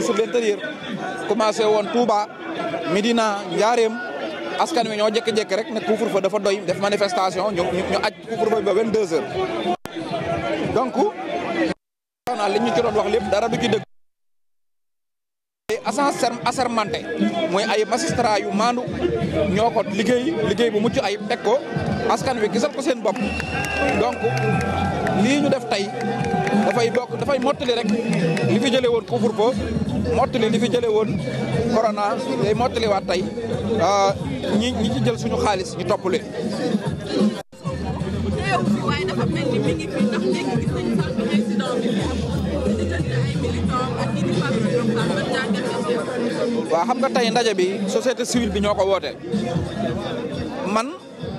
ministre de l'intérieur commencé woon Touba Medina Njaareem askan wi ñoo jékki-jékki rek ne couvre-feu dafa doy def manifestation ñu ñu aj couvre-feu ba 22 heures. donc xanaa li ñu ci wax lépp dara du ci dëgg. agents mooy ay magistrat yu maandu ñoo ko liggéey liggéey bu mucc ayib teg ko askan wi ki ko seen bopp donc. lii ñu def tey dafay bokk dafay mottali rek li fi jëlee woon couvre-feu mottali li fi jëlee woon corona day mottaliwaat tey ah, ñi jël suñu xaalis ñu topp leen. waaw xam nga tey ndaje bi société civile bi ñoo ko woote man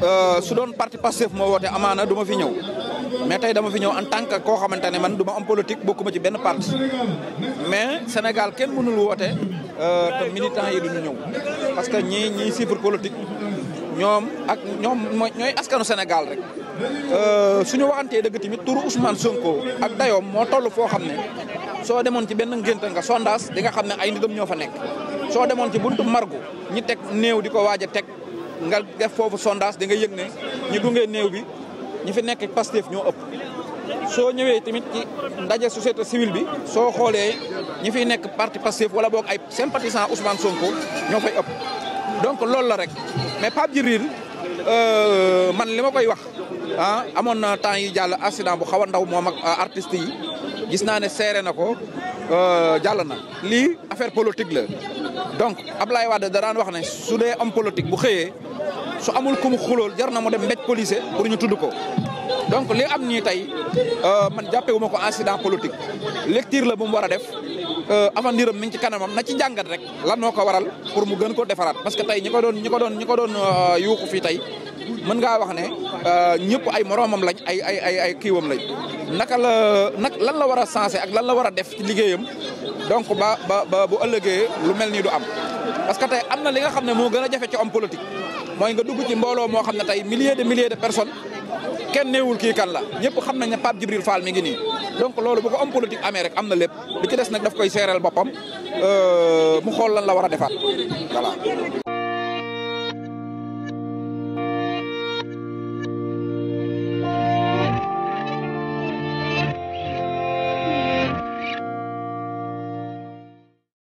euh, su doon parti Pastef moo woote amaana du ma fi ñëw. mais tey dama fi ñëw en tant que koo xamante ne man du ma am politique bokkuma ci benn parti mais Sénégal kenn mënul woote euh, te militants yi duñu ñëw parce que ñii ñii chiffre politique ñoom ak ñoom mooy ñooy askanu Sénégal rek euh, suñu waxantee dëgg tamit turu Ousmane Sonko ak dayoom moo toll foo xam ne soo demoon ci benn ngénte nga sondage di nga xam ne ay nitam ñoo fa nekk soo demoon ci buntu margo ñi teg néew di ko waaj a teg nga def foofu sondage di nga yëg ne ñi gunge néew bi ñi fi nekk Pastef ñoo ëpp soo ñëwee tamit ci ndaje société civile bi soo xoolee ñi fiy nekk parti Pastef wala boog ay sympathisant Ousmane Sonko ñoo fay ëpp donc loolu la rek mais Pape Djibril euh, man li ma koy wax ah amoon na temps yi jàll accident bu xaw a ndaw moom ak euh, artistes yi gis naa ne seere na ko euh, jàll na lii affaire politique la donc Ablaye Wade da daan wax ne su dee homme politique bu xëyee su amul ku mu xulool jar na mu dem ndej police pour ñu tudd ko donc li am nii tey euh, man jàppee ko incident politique lecture la bu mu war a def euh, avenir am mi ngi ci kanamam na ci jàngat rek lan moo ko waral pour mu gën ko defaraat parce que tey ñi ko doon ñi ko doon ñi ko doon euh, yuuxu fii tey mën ngaa wax ne ñëpp ay moroomam lañ ay ay ay ay kiiwam lañ naka la nag lan la war a sensé ak lan la war a def liggéeyam donc ba ba ba bu ëllëgee lu mel nii du am parce que tey am na li nga xam ne moo gën a jafe ci homme mooy nga dugg ci mbooloo moo xam ne tey milliers de milliers de personnes kenn neewul kii kan la ñëpp xam nañ ne Pape Djibril Fall mi ngi nii donc loolu boo ko am politique amee rek am na lépp li ci des nag daf koy seereel boppam euh, mu xool lan la war a defaat voilà